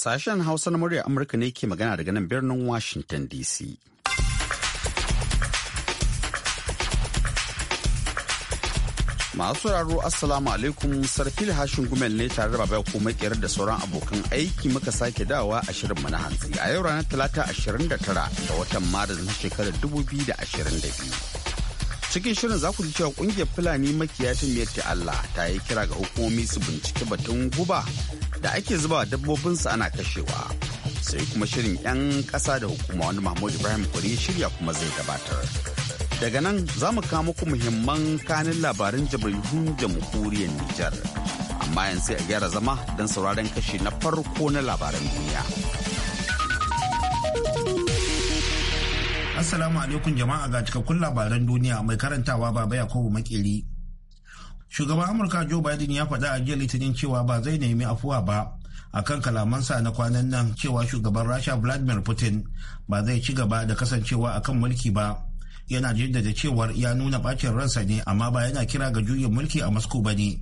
Sashen Hausa na murya Amurka ne ke magana daga nan birnin Washington DC. Masu raro Assalamu alaikum Sarfil Hashin Gumel ne tare da Baba ko makiyar da sauran abokan aiki muka sake dawa a shirinmu na hantsi a yau ranar Talata 29 ga watan Maris na shekarar 2022. cikin shirin za ku ji cewa kungiyar fulani makiyatan miyatti allah ta yi kira ga hukumomi su bincike batun guba da ake zuba dabbobinsu ana kashewa sai kuma shirin 'yan ƙasa da hukuma wani mahmud ibrahim kuri shirya kuma zai gabatar daga nan za mu kawo muku muhimman kanin labarin jabirin jamhuriyar nijar amma yanzu sai a gyara zama don sauraron kashi na farko na labaran duniya Assalamu alaikum jama'a ga cikakkun labaran duniya mai karantawa baba Yakubu Makeri. Shugaban Amurka Joe Biden ya faɗa a jiya Litinin cewa ba zai nemi afuwa ba akan kalamansa na kwanan nan cewa shugaban Rasha Vladimir Putin ba zai ci gaba da kasancewa akan mulki ba. Yana jaddada cewar ya nuna bacin ransa ne amma ba yana kira ga juyin mulki a Moscow ba ne.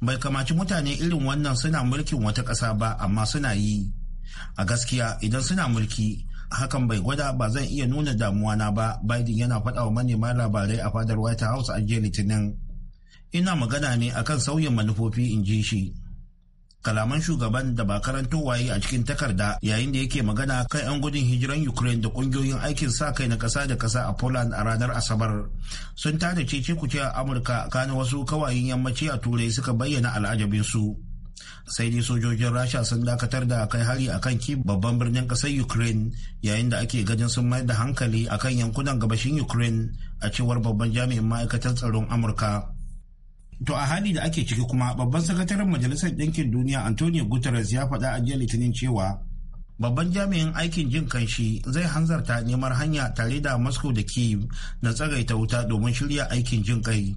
Bai kamaci mutane irin wannan suna mulkin wata ƙasa ba amma suna yi. A gaskiya idan suna mulki hakan bai gwada ba zan iya nuna damuwa na ba biden yana faɗa wa manema labarai a fadar white house a jiya litinin ina magana ne akan sauyin manufofi in ji shi kalaman shugaban da ba karanto waye a cikin takarda yayin da yake magana kan 'yan gudun hijiran ukraine da kungiyoyin aikin sa kai na kasa da kasa a poland a ranar asabar sun tada cece kuce a amurka kana wasu kawayen yammaci a turai suka bayyana al'ajabinsu sai dai sojojin rasha sun dakatar da kai hari a kan ki babban birnin kasar ukraine yayin da ake ganin sun mayar da hankali a kan yankunan gabashin ukraine a cewar babban jami'in ma'aikatar tsaron amurka to a hali da ake ciki kuma babban sakataren majalisar ɗinkin duniya antonio guterres ya faɗa a jiya litinin cewa babban jami'in aikin jin kanshi zai hanzarta neman hanya tare da moscow da kiev na tsagaita wuta domin shirya aikin jin kai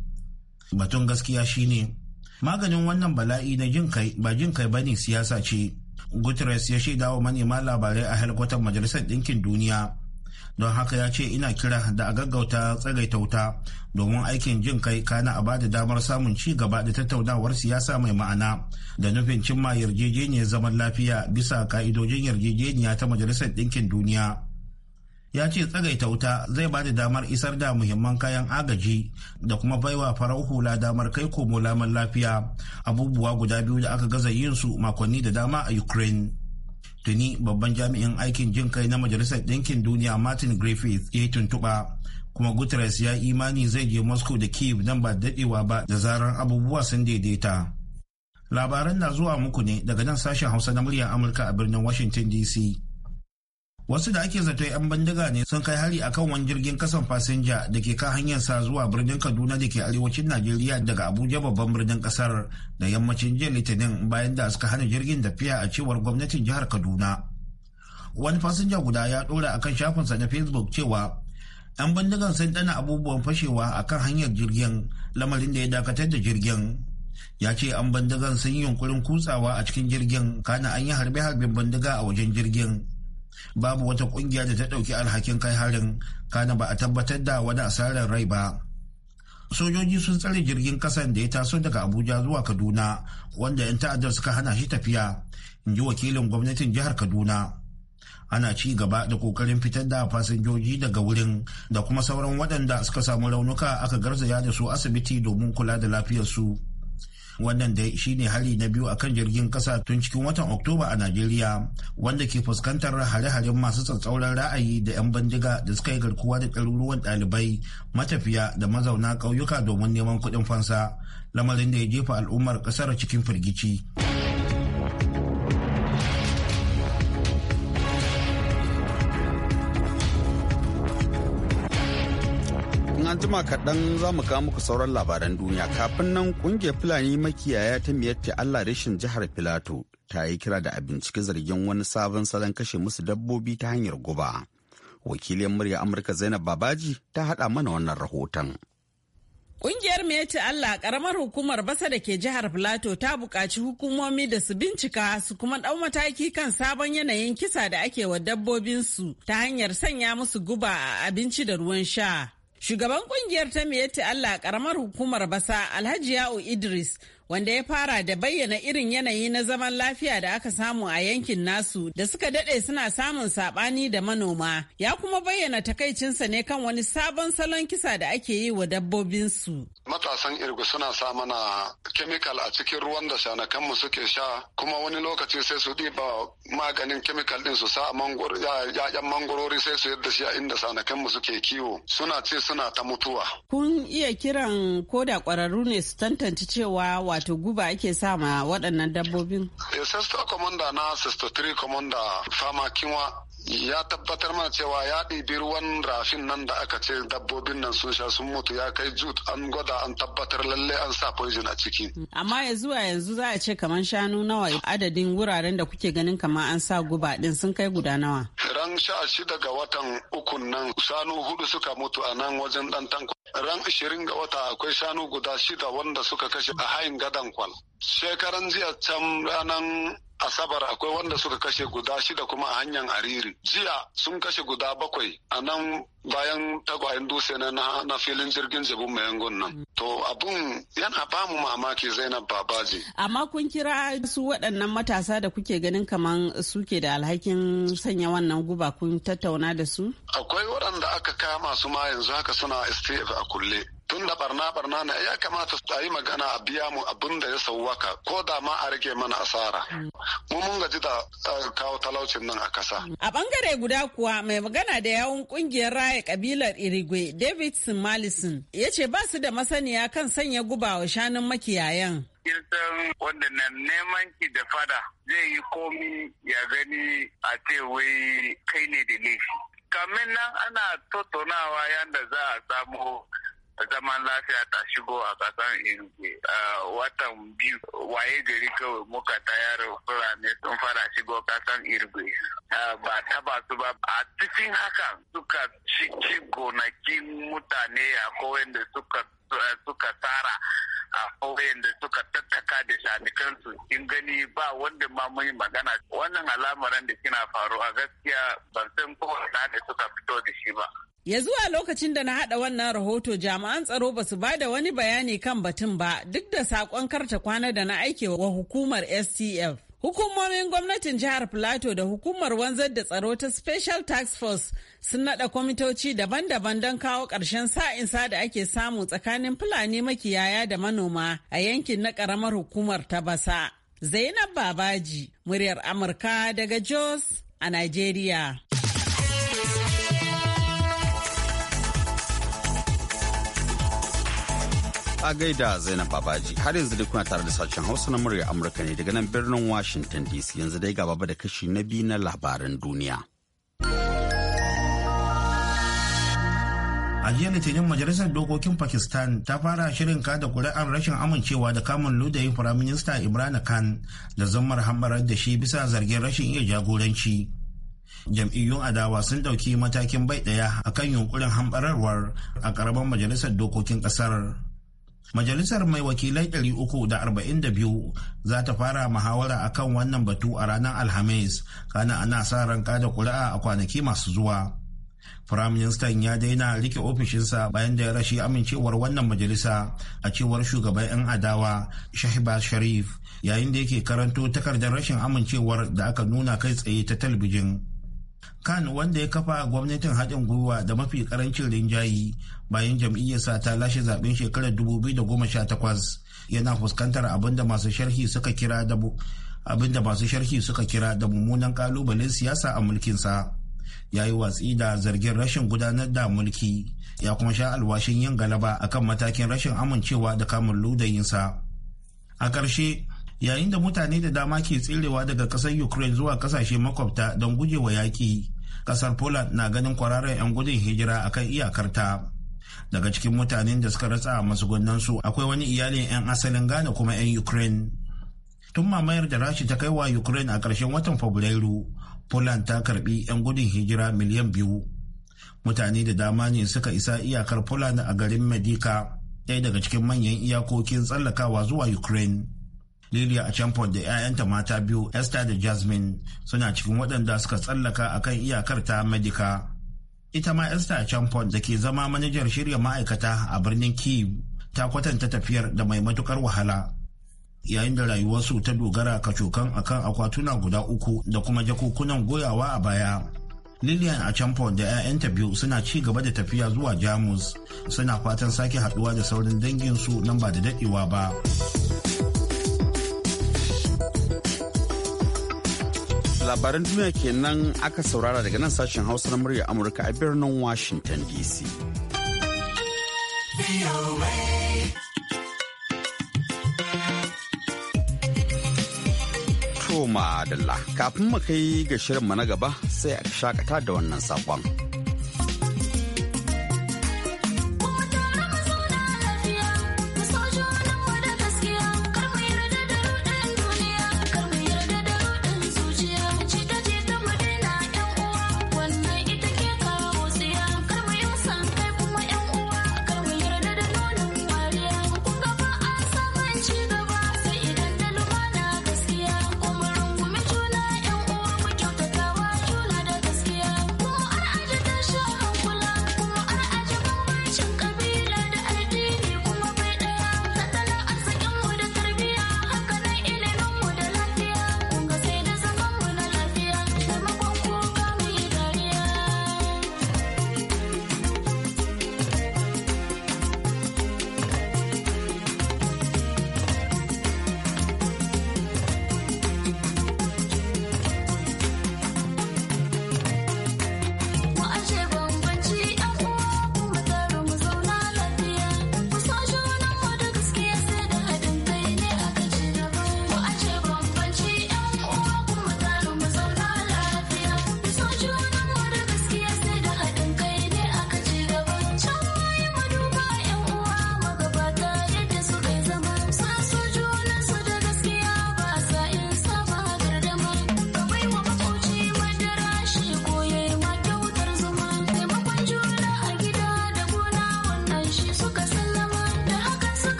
batun gaskiya shine maganin wannan bala'i na jin kai ba jin kai bane siyasa ce guterres ya shaida wa manema labarai a helikwatar majalisar ɗinkin duniya don haka ya ce ina kira da a gaggauta tsagaita wuta domin aikin jin kai kana a bada damar samun ci gaba da tattaunawar siyasa mai ma'ana da nufin cimma yarjejeniyar zaman lafiya bisa ka'idojin yarjejeniya ta majalisar ɗinkin duniya ya ce tsagaita wuta zai ba da damar isar da muhimman kayan agaji da kuma baiwa farar hula damar kai komo laman lafiya abubuwa guda biyu da aka gaza yin su makonni da dama a ukraine tuni babban jami'in aikin jin kai na majalisar ɗinkin duniya martin griffith ya tuntuɓa kuma guterres ya imani zai je moscow da kiev nan ba daɗewa ba da zarar abubuwa sun daidaita labaran na zuwa muku ne daga nan sashen hausa na muryar amurka a birnin washington dc wasu da ake zato 'yan bindiga ne sun kai hari akan wani jirgin kasan fasinja da ke kan hanyar sa zuwa birnin kaduna da ke arewacin najeriya daga abuja babban birnin kasar da yammacin jiya litinin bayan da suka hana jirgin tafiya a cewar gwamnatin jihar kaduna wani fasinja guda ya dora akan shafinsa na facebook cewa 'yan bandigan sun dana abubuwan fashewa akan hanyar jirgin lamarin da ya dakatar da jirgin ya ce an bandigan sun yi yunkurin kutsawa a cikin jirgin kana an yi harbe-harben bindiga a wajen jirgin babu wata kungiya da ta ɗauki alhakin kai harin kana ba a tabbatar da wani asarar rai ba sojoji sun tsare jirgin kasan da ya taso daga abuja zuwa kaduna wanda 'yan ta'addar suka hana shi tafiya in ji wakilin gwamnatin jihar kaduna ana ci gaba da kokarin fitar da fasinjoji daga wurin da kuma sauran waɗanda suka samu raunuka aka garzaya da su asibiti domin kula da lafiyarsu. su wannan da shine hari na biyu akan jirgin kasa tun cikin watan oktoba a najeriya wanda ke fuskantar hare-haren masu tsatsauran ra'ayi da 'yan bandiga da suka yi garkuwa da ɗaruruwan ɗalibai matafiya da mazauna ƙauyuka domin neman kuɗin fansa lamarin da ya jefa al'ummar ƙasar cikin firgici. jima kaɗan za mu kawo muku sauran labaran duniya kafin nan ƙungiyar fulani makiyaya ta miyatti allah rashin jihar filato ta yi kira da a binciki zargin wani sabon salon kashe musu dabbobi ta hanyar guba wakilin murya amurka zainab babaji ta haɗa mana wannan rahoton Ƙungiyar Meti Allah ƙaramar hukumar basa da ke jihar Filato ta buƙaci hukumomi da su bincika su kuma ɗau mataki kan sabon yanayin kisa da ake wa dabbobinsu ta hanyar sanya musu guba a abinci da ruwan sha. Shugaban kungiyar ta Allah karamar hukumar basa Alhaji Ya'u Idris wanda ya fara da bayyana irin yanayi na zaman lafiya da aka samu a yankin nasu da suka dade suna samun sabani da manoma ya kuma bayyana takaicinsa ne kan wani sabon salon kisa da ake yi wa dabbobinsu. Matasan irgu suna sa kemikal a cikin ruwan da shanakanmu suke sha kuma wani lokaci sai su ɗiba maganin kemikal din su sa a ya'yan mangorori sai su yadda shi a inda shanakanmu suke kiwo suna ce suna ta mutuwa. Kun iya kiran koda ƙwararru ne su tantance cewa wato guba ake sa ma waɗannan dabbobin? Eh, Sister Commander na Sister 3 Commander Fama Kinwa ya tabbatar mana cewa ya ɗibi ruwan rafin nan da aka ce dabbobin nan sun sha sun mutu ya kai jut an gwada an tabbatar lalle an sa poison a ciki. Amma ya zuwa yanzu za a ce kamar shanu nawa adadin wuraren da kuke ganin kamar an sa guba ɗin sun kai guda nawa. Ran sha shida ga watan uku nan shanu hudu suka mutu a nan wajen ɗan tanko. Ran ishirin ga wata akwai shanu guda shida wanda suka kashe a hayin gadan kwal. Shekaran jiya can ranar asabar akwai wanda suka kashe guda shida kuma a hanyar ariri jiya sun kashe guda bakwai a nan bayan tagwayen dutse na na filin jirgin jabin mayangon nan to abun yana ba mu mamaki zainab babaji amma kun kira su waɗannan matasa da kuke ganin kamar suke da alhakin sanya wannan guba kun tattauna da su akwai waɗanda aka kama su ma yanzu haka suna stf a kulle Tunda barna barna na ya kamata su yi magana a biya mu abin da ya sauwaka ko da ma a rage mana asara mu mun gaji da eh, kawo talaucin nan a kasa a bangare guda kuwa mai magana da yawun kungiyar raya kabilar irigwe david malison ya ce ba su da masaniya kan sanya guba wa shanun makiyayan kin san waɗannan neman ki da fada zai yi komi ya gani a ce wai kai ne da laifi kamin nan ana tattaunawa yadda za a samu zaman lafiya ta shigo a kasan irge watan biyu waye gari kawai muka tayar fulani sun fara shigo kasan irge ba taba su ba a cikin hakan suka ciki gonakin mutane a kowai da suka suka tsara a kowai da suka tattaka da shanikansu in gani ba wanda ma magana wannan al'amarin da kina a gaskiya ban san ko da suka fito da shi ba Ya zuwa lokacin da na haɗa wannan rahoto jami'an tsaro ba su bada wani bayani kan batun ba duk da saƙon karta kwana da na aike wa hukumar STF. Hukumomin gwamnatin jihar Filato da hukumar wanzar da tsaro ta Special Task Force sun naɗa kwamitoci daban-daban don kawo ƙarshen sa'insa da ake samu tsakanin Fulani makiyaya da manoma a yankin na ƙaramar hukumar ta Basa. Zainab Babaji, muryar Amurka daga Jos a Najeriya. a gaida zainab babaji har yanzu dai kuna tare da sashen hausa na murya amurka ne daga nan birnin washington dc yanzu dai ga baba da kashi na biyu na labaran duniya a jiya litinin majalisar dokokin pakistan ta fara shirin kada kuri'ar rashin amincewa da kamun ludayin firaminista imran khan da zammar hamarar da shi bisa zargin rashin iya jagoranci jam'iyyun adawa sun ɗauki matakin bai ɗaya akan yunkurin hambararwar a karaman majalisar dokokin ƙasar Majalisar mai wakilai 342 za ta fara muhawara a kan wannan batu a ranar Alhamis, kana ana sa ran da kuri'a a kwanaki masu zuwa. Firaministan ya daina rike ofishinsa bayan da ya rashi amincewar wannan majalisa a cewar shugaban 'yan adawa Shahiba Sharif yayin da yake karanto takardar rashin amincewar da aka nuna kai tsaye ta talbijin. kan wanda ya kafa gwamnatin haɗin gwiwa da mafi ƙarancin rinjayi bayan jam'iyyarsa ta lashe zaben shekarar 2018 yana fuskantar abin da masu sharhi suka kira da abin da masu sharhi suka kira da mummunan ƙalubalen siyasa a mulkinsa ya yi watsi da zargin rashin gudanar da mulki ya kuma sha alwashin yin galaba akan matakin rashin amincewa da kamun ludayinsa a ƙarshe yayin da mutane da dama ke tserewa daga kasar ukraine zuwa kasashe makwabta don gujewa yaƙi kasar poland na ganin kwararren 'yan gudun hijira a akan iyakarta daga cikin mutanen da suka ratsa a su akwai wani iyalin 'yan asalin ghana kuma 'yan ukraine tun mamayar da rashi ta kai wa ukraine a ƙarshen watan fabrairu poland ta karbi 'yan gudun hijira miliyan biyu mutane da dama ne suka isa iyakar poland a garin medika ɗaya daga cikin manyan iyakokin tsallakawa zuwa ukraine lilia achampon da 'ya'yanta mata biyu esther da jasmine suna cikin waɗanda suka tsallaka akan iyakar ta medica ita ma esther achampon da ke zama manajar shirya ma'aikata a birnin kiev ta kwatanta tafiyar da mai matukar wahala yayin da rayuwarsu ta dogara kacokan akan akwatuna guda uku da kuma jakokunan goyawa a baya lilian achampon da 'ya'yanta biyu suna ci gaba da tafiya zuwa jamus suna fatan sake haɗuwa da saurin danginsu nan ba da daɗewa ba. labaran duniya kenan aka saurara daga nan sashen hausa na murya amurka a birnin washington dc to madalla kafin mu kai ga shirinmu na gaba sai a shakata da wannan saƙon.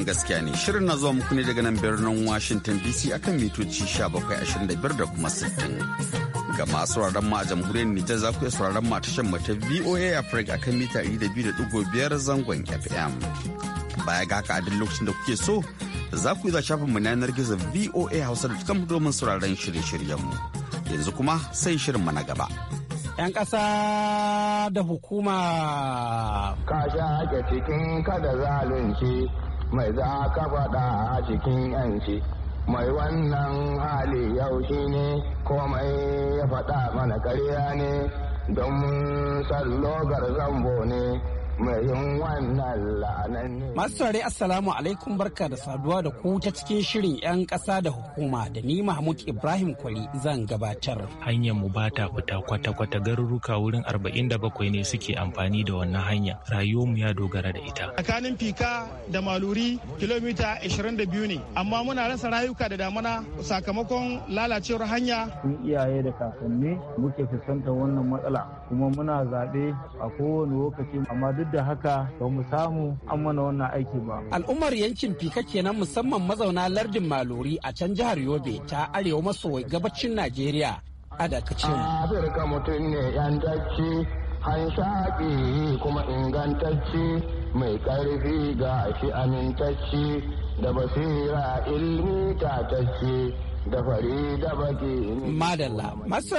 wannan gaskiya ne shirin na zuwa muku ne daga nan birnin washington dc akan mitoci 1725 da kuma 60 ga masu sauraron ma a jamhuriyar nijar za ku iya sauraron ma a tashar mu ta voa africa akan mita 200.5 zangon fm baya ga haka a duk lokacin da kuke so za ku iya shafin mu na yanar gizo voa hausa da kan domin sauraron shirye-shiryen mu yanzu kuma sai shirin mu na gaba 'yan ƙasa da hukuma. Ka sha ake cikin kada zalunci mai za ka faɗa a cikin yanci mai wannan hali yau shi ne komai ya faɗa mana karya ne don sallogar zambo ne Masu saurari Assalamu alaikum barka da saduwa da ku ta cikin shirin 'yan ƙasa da hukuma da ni Mahmud Ibrahim Kwali zan gabatar. Hanyar mu ba ta fita kwata-kwata garuruka wurin 47 ne suke amfani da wannan hanya. Rayuwar mu ya dogara da ita. Tsakanin Fika da Maluri kilomita 22 ne amma muna rasa rayuka da damana sakamakon lalacewar hanya. Sun iyaye da kakanni muke fuskantar wannan matsala kuma muna zaɓe a kowane lokaci amma duk da haka ba mu samu an mana wannan aiki ba. Al'ummar yankin Fika kenan musamman mazauna lardin Malori a can jihar Yobe ta arewa maso gabacin Najeriya a dakacin. Afirka mutum ne yan hanshaƙi kuma ingantacce mai ƙarfi ga shi amintacce da basira ilmi tatacce. da fare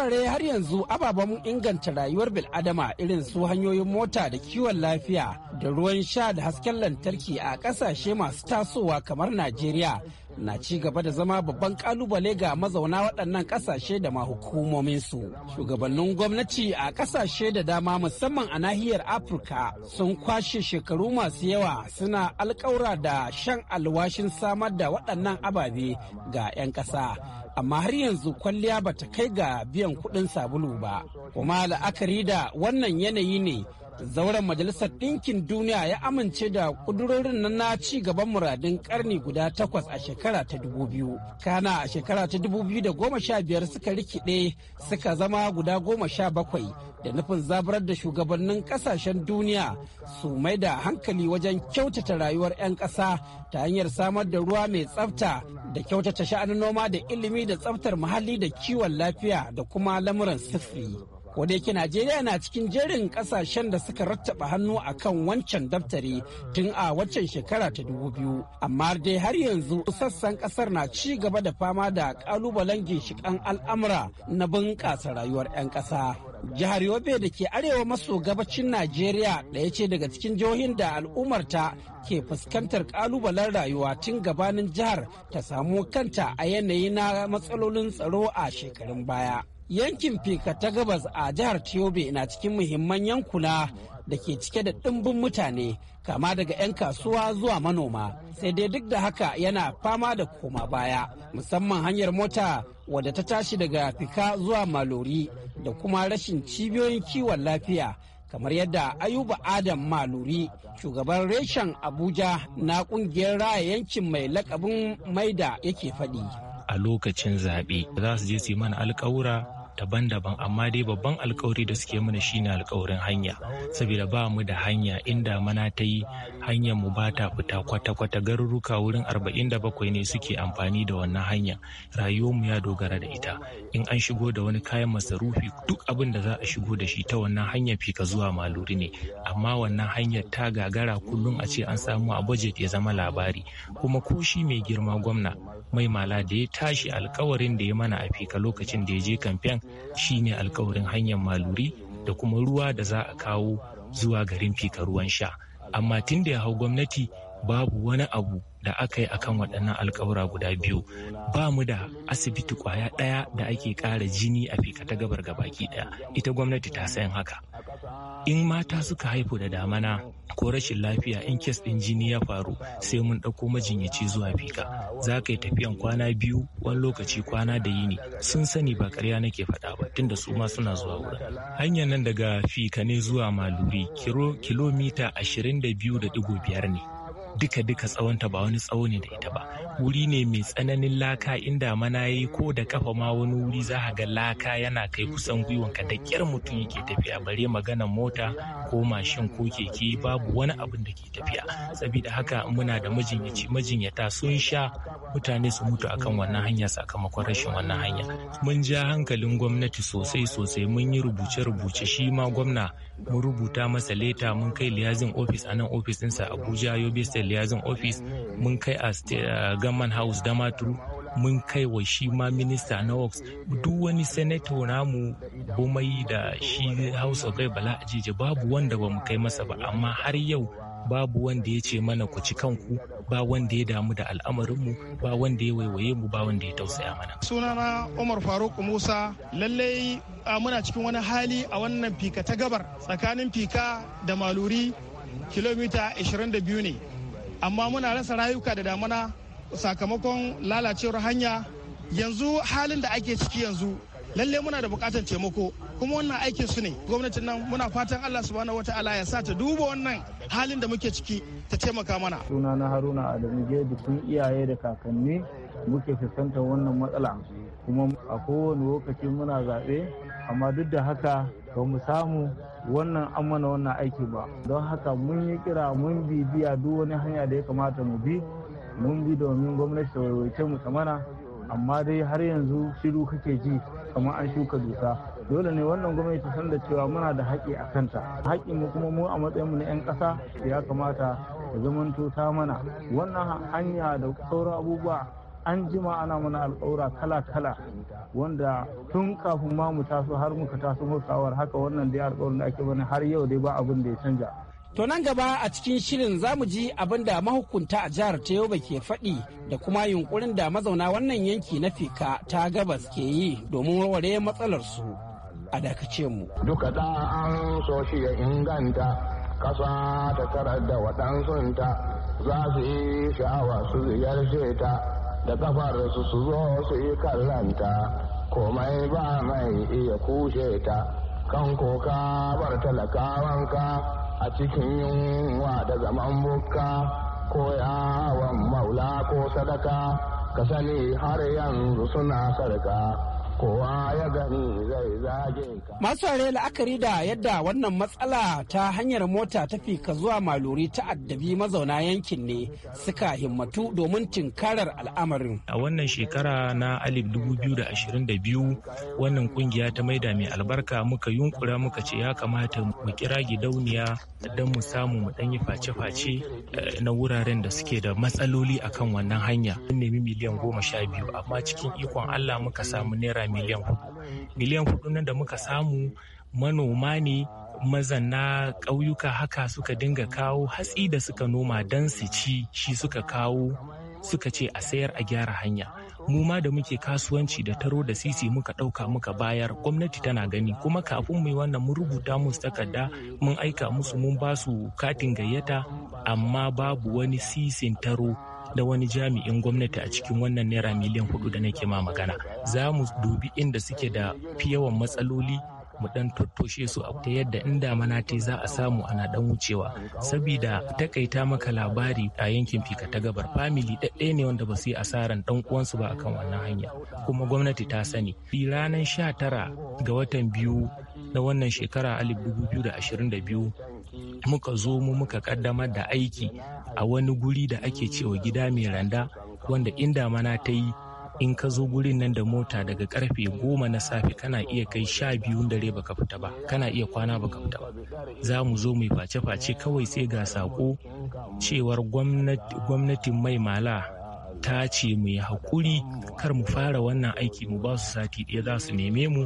da har yanzu ababen inganta rayuwar bil'adama irin su hanyoyin mota da kiwon lafiya da ruwan sha da hasken lantarki a kasashe masu tasowa kamar najeriya na ci gaba da zama babban kalubale ga mazauna waɗannan ƙasashe da ma hukumominsu. Shugabannin gwamnati a ƙasashe da dama musamman a nahiyar Afirka sun kwashe shekaru masu yawa suna alƙawura da shan alwashin samar da waɗannan ababe ga 'yan ƙasa. Amma har yanzu kwalliya bata kai ga biyan kuɗin sabulu ba. Kuma la'akari da wannan yanayi ne zauren majalisar ɗinkin duniya ya amince da ƙudurorin nan na ci gaban muradin ƙarni guda takwas a shekara ta dubu biyu kana a shekara ta dubu biyu da goma sha biyar suka rikide suka zama guda goma sha bakwai da nufin zabarar da shugabannin ƙasashen duniya su mai da hankali wajen kyautata rayuwar 'yan ƙasa ta hanyar samar da ruwa mai tsafta da kyautata sha'anin noma da ilimi da tsaftar muhalli da kiwon lafiya da kuma lamuran sifiri. ko da yake Najeriya na cikin jerin kasashen da suka rattaba hannu a kan wancan daftari tun a waccan shekara ta dubu biyu. Amma dai har yanzu sassan kasar na ci gaba da fama da kalubalen ginshikan al'amura na bunƙasa rayuwar 'yan ƙasa. Jihar Yobe da ke arewa maso gabacin Najeriya ɗaya ce daga cikin jihohin da al'ummarta ke fuskantar kalubalen rayuwa tun gabanin jihar ta samu kanta a yanayi na matsalolin tsaro a shekarun baya. Yankin Fika ta gabas a jihar Tiobe na cikin muhimman yankuna da ke cike da ɗimbin mutane kama daga 'yan kasuwa zuwa manoma. Sai dai duk da haka yana fama da koma baya musamman hanyar mota wadda ta tashi daga Fika zuwa Malori da kuma rashin cibiyoyin kiwon lafiya kamar yadda ayuba adam maluri shugaban reshen abuja na kungiyar raya yankin mai lakabin maida yake faɗi a lokacin zaɓe za su je su yi mana alƙawura daban-daban amma dai babban alkawari da suke mana shine alkawarin hanya saboda ba mu da hanya inda mana ta yi hanyar mu ba ta fita kwata-kwata garuruka wurin 47 ne suke amfani da wannan hanya rayuwar mu ya dogara da ita in an shigo da wani kayan masarufi duk abin da za a shigo da shi ta wannan hanyar fika zuwa maluri ne amma wannan hanyar ta gagara kullum a ce an samu a budget ya zama labari kuma ko shi mai girma gwamna mai mala da ya tashi alkawarin da ya mana a fika lokacin da ya je kamfen shine alkawarin hanyar maluri da kuma ruwa da za a kawo zuwa garin fika ruwan sha amma tun da ya hau gwamnati babu wani abu da aka yi akan waɗannan alkawura guda biyu ba mu da asibiti kwaya ɗaya da ake ƙara jini a fika ta gabar gabaki ɗaya ita gwamnati ta sayan haka in mata suka haifu da damana ko rashin lafiya in kes ɗin jini ya faru sai mun ɗauko majinyaci zuwa fika za ka yi tafiyan kwana biyu wani lokaci kwana da yini sun sani ba karya nake faɗa ba tunda su ma suna zuwa wurin hanyar nan daga fika ne zuwa maluri kilomita ashirin da ne duka-duka tsawonta ba wani tsawo ne da ita ba wuri ne mai tsananin laka inda mana yi ko da kafa ma wani wuri za ga laka yana kai kusan gwiwanka da kyar mutum yake tafiya bare magana mota ko mashin ko keke babu wani abin da ke tafiya saboda haka muna da majinyaci majinyata sun sha mutane su mutu akan wannan hanya sakamakon rashin wannan hanya mun ja hankalin gwamnati sosai sosai mun yi rubuce-rubuce shi ma gwamna mun rubuta masa leta mun kai liyazin ofis a nan ofis ɗinsa abuja yobe state liyazin ofis mun kai a government House Damaturu mun kai wa shi ma minista na works duk wani senator namu bumai da shi house of bala ajije babu wanda ba mu kai masa ba amma har yau babu wanda ya ce mana ku ci kanku ba wanda ya damu da al'amarinmu ba wanda ya waiwaye mu ba wanda ya tausaya mana sunana umar faruk musa lallai muna cikin wani hali a wannan fika ta gabar tsakanin fika da maluri kilomita 22 ne amma muna rasa rayuka da damana sakamakon lalacewar hanya yanzu halin da ake ciki yanzu lalle muna da bukatar taimako kuma wannan aikin su ne gwamnatin nan muna fatan Allah subhanahu wataala ya sa ta duba wannan halin da muke ciki ta taimaka mana suna na haruna adamu gedi tun iyaye da kakanni muke fuskantar wannan matsala kuma a kowane lokaci muna zaɓe amma duk da haka ba mu samu wannan amana wannan aiki ba don haka mun yi kira mun bibiya duk wani hanya da ya kamata mu bi mun bi domin gwamnati ta waiwaice mu tsamana amma dai har yanzu shiru kake ji kamar an shuka dusa dole ne wannan gwamnati ta san da cewa muna da haƙƙi a kanta haƙƙin mu kuma mu a matsayin mu na 'yan ƙasa ya kamata ta zamanto ta mana wannan hanya da sauran abubuwa an jima ana mana alƙawura kala-kala wanda tun kafin ma mu taso har muka taso mukawar haka wannan dai alƙawarin da ake bani har yau dai ba abin da ya canja To nan gaba a cikin shirin za mu ji abin da mahukunta a jihar ta ke faɗi da kuma yunkurin da mazauna wannan yanki na fika ta gabas ke yi domin warware matsalarsu a dakace mu. Duka da an so shi ya inganta kasa ta tarar da waɗansunta za su yi sha'awa su ziyarce ta da kafar su su zo su yi kallanta komai ba mai iya kushe ta kan koka bar talakawanka. a cikin yunwa da zaman bukka ko yawon maula ko sadaka ka sani har yanzu suna sarka. kowa ya gani zai zage ka. Masu la'akari da yadda wannan matsala ta hanyar mota tafi ka zuwa maluri ta addabi mazauna yankin ne suka himmatu domin tinkarar al'amarin. A wannan shekara na alif biyu wannan kungiya ta maida mai albarka muka yunkura muka ce ya kamata mu kira gidauniya don mu samu mu ɗanyi face-face eh, na wuraren da suke da matsaloli akan wannan hanya. Mun nemi miliyan goma sha biyu amma cikin ikon Allah muka samu naira naira miliyan hudu miliyan hudu nan da muka samu manoma ne mazanna ƙauyuka haka suka dinga kawo hatsi da suka noma don su ci shi suka kawo suka ce a sayar a gyara hanya mu ma da muke kasuwanci da taro da sisi muka ɗauka muka bayar gwamnati tana gani kuma kafin mu yi wannan mun rubuta musu takarda mun aika musu mun ba su katin gayyata amma babu wani sisin taro da wani jami'in gwamnati a cikin wannan naira miliyan hudu da nake ma magana za mu dubi inda suke da fi yawan matsaloli mu dan tattoshe su ta yadda inda mana te za a samu ana dan wucewa saboda takaita maka labari a yankin fika ta gabar famili ɗaya ne wanda ba su yi asaran dan uwansu ba akan wannan hanya kuma gwamnati ta sani Bi ranar 19 ga watan biyu na wannan shekara 2022 muka zo mu muka kaddamar da aiki a wani guri da ake cewa gida mai randa wanda in damana ta yi in ka zo gurin nan da mota daga karfe goma na safe kana iya kai sha biyun dare baka fita ba kana iya kwana baka fita ba za mu zo mu face-face kawai sai ga sako cewar gwamnatin mai mala ta ce mu yi haƙuri kar mu fara wannan aiki mu ba su sati ɗaya za su neme mu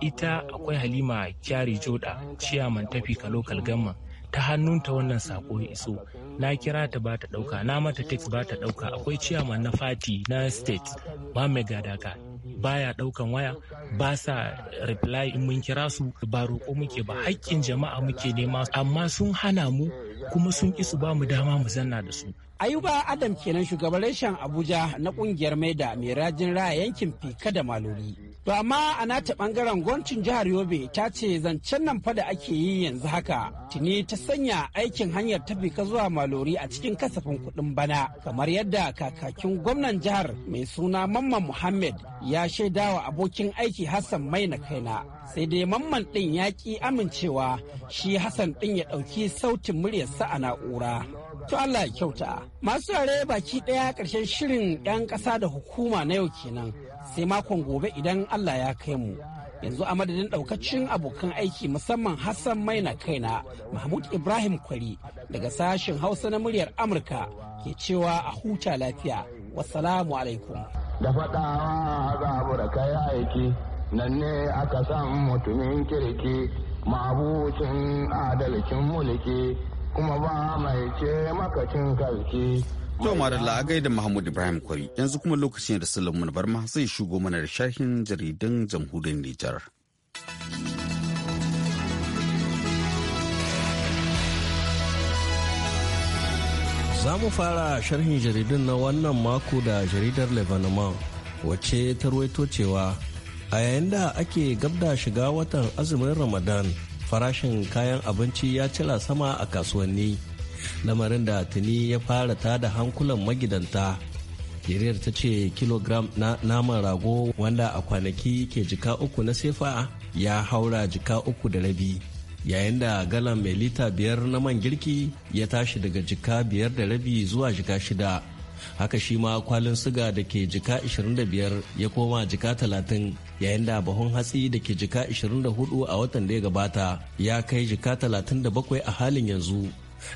ita akwai halima kyari joda ciyaman tafi ka lokal gamman ta hannunta wannan sako ya iso na kira ta ba ta ɗauka na mata text ba ta ɗauka akwai ciyaman na fati na state ka Gadaka baya daukan waya ba sa reply in mun kira su ba roƙo muke ba haƙƙin jama'a muke nema amma sun hana mu kuma sun isu su ba mu dama mu zanna da su Ayuba Adam kenan shugaban reshen Abuja na kungiyar Maida mai rajin raya yankin Fika da Maloli. To amma a nata bangaren gwamnatin jihar Yobe ta ce zancen nan fa da ake yi yanzu haka tuni ta sanya aikin hanyar tafika zuwa malori a cikin kasafin kuɗin bana kamar yadda kakakin gwamnan jihar mai suna Mamman Muhammad ya shaidawa abokin aiki Hassan mai na kaina sai dai Mamman ɗin ya ki amincewa shi Hassan ɗin ya ɗauki sautin muryarsa a na'ura. To Allah ya kyauta. Masu rare baki ɗaya ƙarshen shirin 'yan ƙasa da hukuma na yau kenan. sai makon gobe idan Allah ya kai mu. Yanzu a madadin daukacin abokan aiki musamman Hassan Maina kaina Mahmud Ibrahim Kwari daga sashen Hausa na muryar Amurka ke cewa a huta lafiya. Wassalamu alaikum. Da faɗawa babu da ya aiki nan ne aka san mutumin kirki mabucin adalcin mulki kuma ba mai ce makacin kalki. To Marilla a gaida Mahmud Ibrahim Kwari yanzu kuma lokacin da Sulaiman Barma zai shigo mana da sharhin jaridan jamhuriyar Nijar. zamu fara sharhin jaridun na wannan mako da jaridar Lebanon wace ta ruwaito cewa a yayin da ake gabda shiga watan azumin Ramadan farashin kayan abinci ya cila sama a kasuwanni. lamarin da tuni ya fara ta da hankulan magidanta jiriyar ta ce kilogram na naman rago wanda a kwanaki ke jika uku na sefa ya haura jika uku da rabi yayin da galan mai lita biyar na man girki ya tashi daga jika biyar da rabi zuwa jika shida haka shi ma kwalin suga da ke jika 25 ya koma jika 30 yayin da bahon hatsi da ke jika 24 a watan da ya gabata ya kai jika 37 a halin yanzu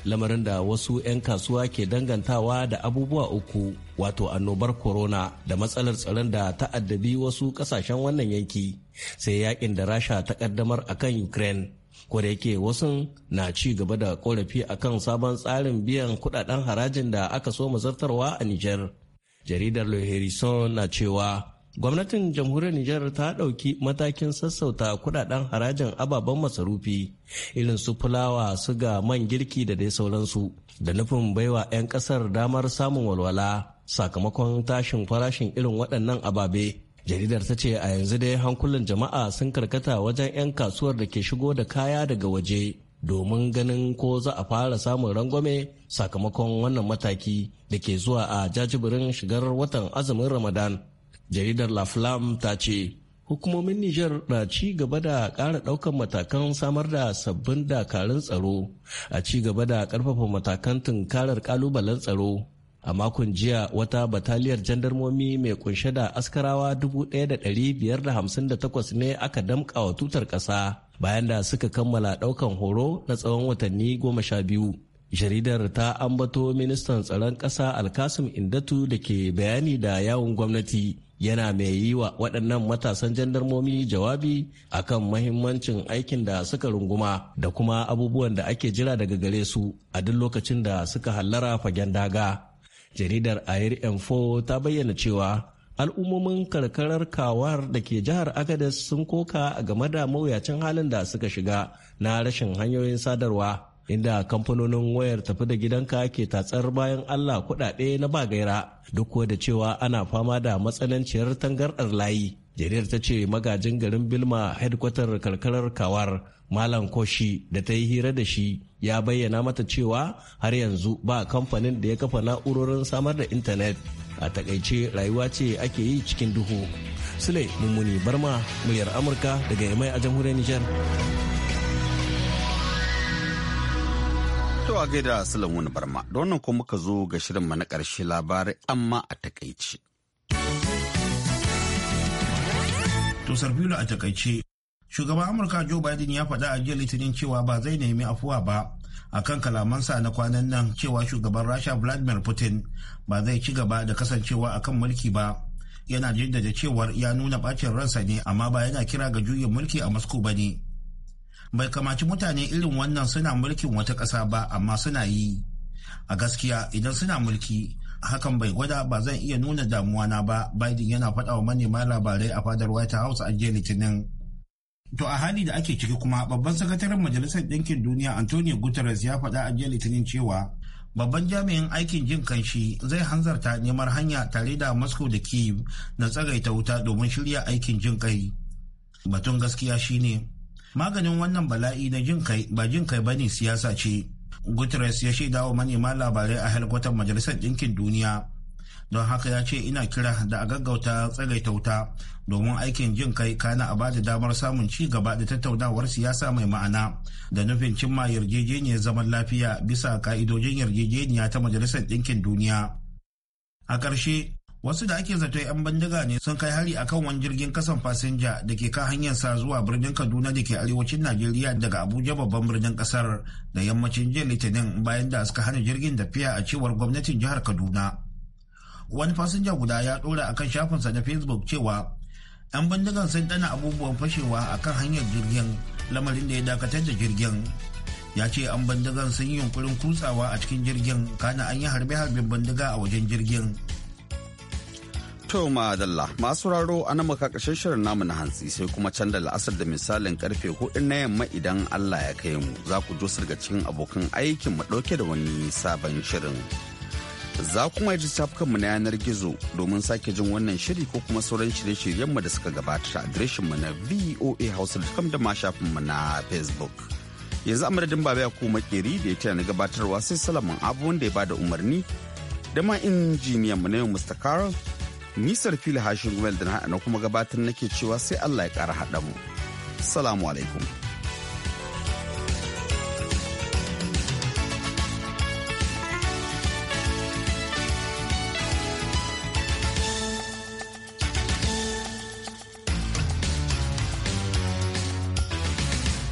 lamarin da wasu 'yan kasuwa ke dangantawa da abubuwa uku wato annobar corona da matsalar tsaron da ta'addabi wasu kasashen wannan yanki sai yakin da rasha ta kaddamar akan ukraine da yake wasu na ci gaba da korafi akan sabon tsarin biyan kudaden harajin da aka so mazartarwa a niger jaridar le na cewa gwamnatin jamhuriyar Nijar ta ɗauki matakin sassauta kudaden harajin ababen masarufi irin su fulawa suga man girki da dai sauransu da nufin baiwa 'yan ƙasar damar samun walwala sakamakon tashin farashin irin waɗannan ababe jaridar ta ce a yanzu dai hankulan jama'a sun karkata wajen 'yan kasuwar da ke shigo da kaya daga waje domin ganin ko za a fara samun rangwame sakamakon wannan mataki da ke zuwa a jajibirin shigar watan azumin ramadan jaridar la flam ta ce hukumomin Nijar na ci gaba da ƙara ɗaukar matakan samar da sabbin dakarun tsaro a ci gaba da ƙarfafa matakan tunkarar ƙalubalen tsaro. A makon jiya wata bataliyar jandarmomi mai kunshe da askarawa 1,558 ne aka damƙa wa tutar ƙasa bayan da suka kammala ɗaukan horo na tsawon watanni goma sha biyu. Jaridar ta ambato ministan tsaron ƙasa Alkasim Indatu da ke bayani da yawon gwamnati. yana mai yi wa waɗannan matasan jandarmomi jawabi akan mahimmancin aikin da suka runguma da kuma abubuwan da ake jira daga gare su a duk lokacin da suka hallara fagen daga. Jaridar Air M4 ta bayyana cewa al'ummomin karkarar kawar da ke jihar Agadez sun koka game da mawuyacin halin da suka shiga na rashin hanyoyin sadarwa. inda kamfanonin wayar tafi da gidanka ke tatsar bayan Allah kuɗaɗe na ba gaira duk da cewa ana fama da matsananciyar tangarɗar layi. Jaridar ta ce magajin garin Bilma hedkwatar karkarar kawar Malam Koshi da ta yi hira da shi ya bayyana mata cewa har yanzu ba kamfanin da ya kafa na'urorin samar da intanet a takaice rayuwa ce ake yi cikin duhu. Sule Mummuni Barma, muryar Amurka daga Yamai a jamhuriyar Nijar. To a gaida Sulan wani barma, da wannan kuma muka zo ga shirinmu na ƙarshe labarai amma a takaice. To filo a takaice, shugaban Amurka Joe Biden ya faɗa a jiya litinin cewa ba zai nemi afuwa ba a akan kalamansa na kwanan nan cewa shugaban Rasha Vladimir Putin ba zai ci gaba da kasancewa a kan mulki ba. Yana jaddada cewar ya nuna ɓacin ransa ne amma ba yana kira ga juyin mulki a Moscow ba ne. bai kamaci mutane irin wannan suna mulkin wata ƙasa ba amma suna yi a gaskiya idan suna mulki hakan bai gwada ba zan iya nuna damuwa na ba biden yana faɗawa manema labarai a fadar white house a jiya litinin to a hali da ake ciki kuma babban sakataren majalisar ɗinkin duniya antonio guterres ya faɗa a jiya litinin cewa babban jami'in aikin jin kanshi zai hanzarta neman hanya tare da moscow da kiev na tsagaita wuta domin shirya aikin jin kai batun gaskiya shine maganin wannan bala'i na jin kai ba jin kai bane siyasa ce guterres ya shaida wa manema labarai a helikwatar majalisar ɗinkin duniya don haka ya ce ina kira da a gaggauta tsagaita wuta domin aikin jin kai kana a bada damar samun ci gaba da tattaunawar siyasa mai ma'ana da nufin cimma yarjejeniyar zaman lafiya bisa ka'idojin yarjejeniya ta majalisar ɗinkin duniya a ƙarshe wasu da ake zato 'yan bindiga ne sun kai hari akan wani jirgin kasan fasinja da ke kan hanyar sa zuwa birnin kaduna da ke arewacin najeriya daga abuja babban birnin kasar da yammacin jiya litinin bayan da suka hana jirgin tafiya a cewar gwamnatin jihar kaduna wani fasinja guda ya dora akan shafinsa na facebook cewa 'yan bandigan sun dana abubuwan fashewa akan hanyar jirgin lamarin da ya dakatar da jirgin ya ce an bandigan sun yi yunkurin kutsawa a cikin jirgin kana an yi harbe-harben bindiga a wajen jirgin To madalla masu raro a nan muka ƙarshen shirin namu na hantsi sai kuma can da la'asar da misalin karfe hudu na yamma idan Allah ya kai mu za ku jo daga cikin abokan aikin mu ɗauke da wani sabon shirin. Za kuma yi mu na yanar gizo domin sake jin wannan shiri ko kuma sauran shirye shiryen mu da suka gabata a adireshin mu na voahouse.com da ma shafin mu na Facebook. Yanzu amadadin baba ya kuma makeri da ya tana gabatarwa sai salamin abu wanda ya bada umarni da ma injiniyan mu na yau Mr. Nisar fili hashin gumel da na kuma gabatar nake cewa sai Allah ya ƙara haɗa mu. Salamu alaikum.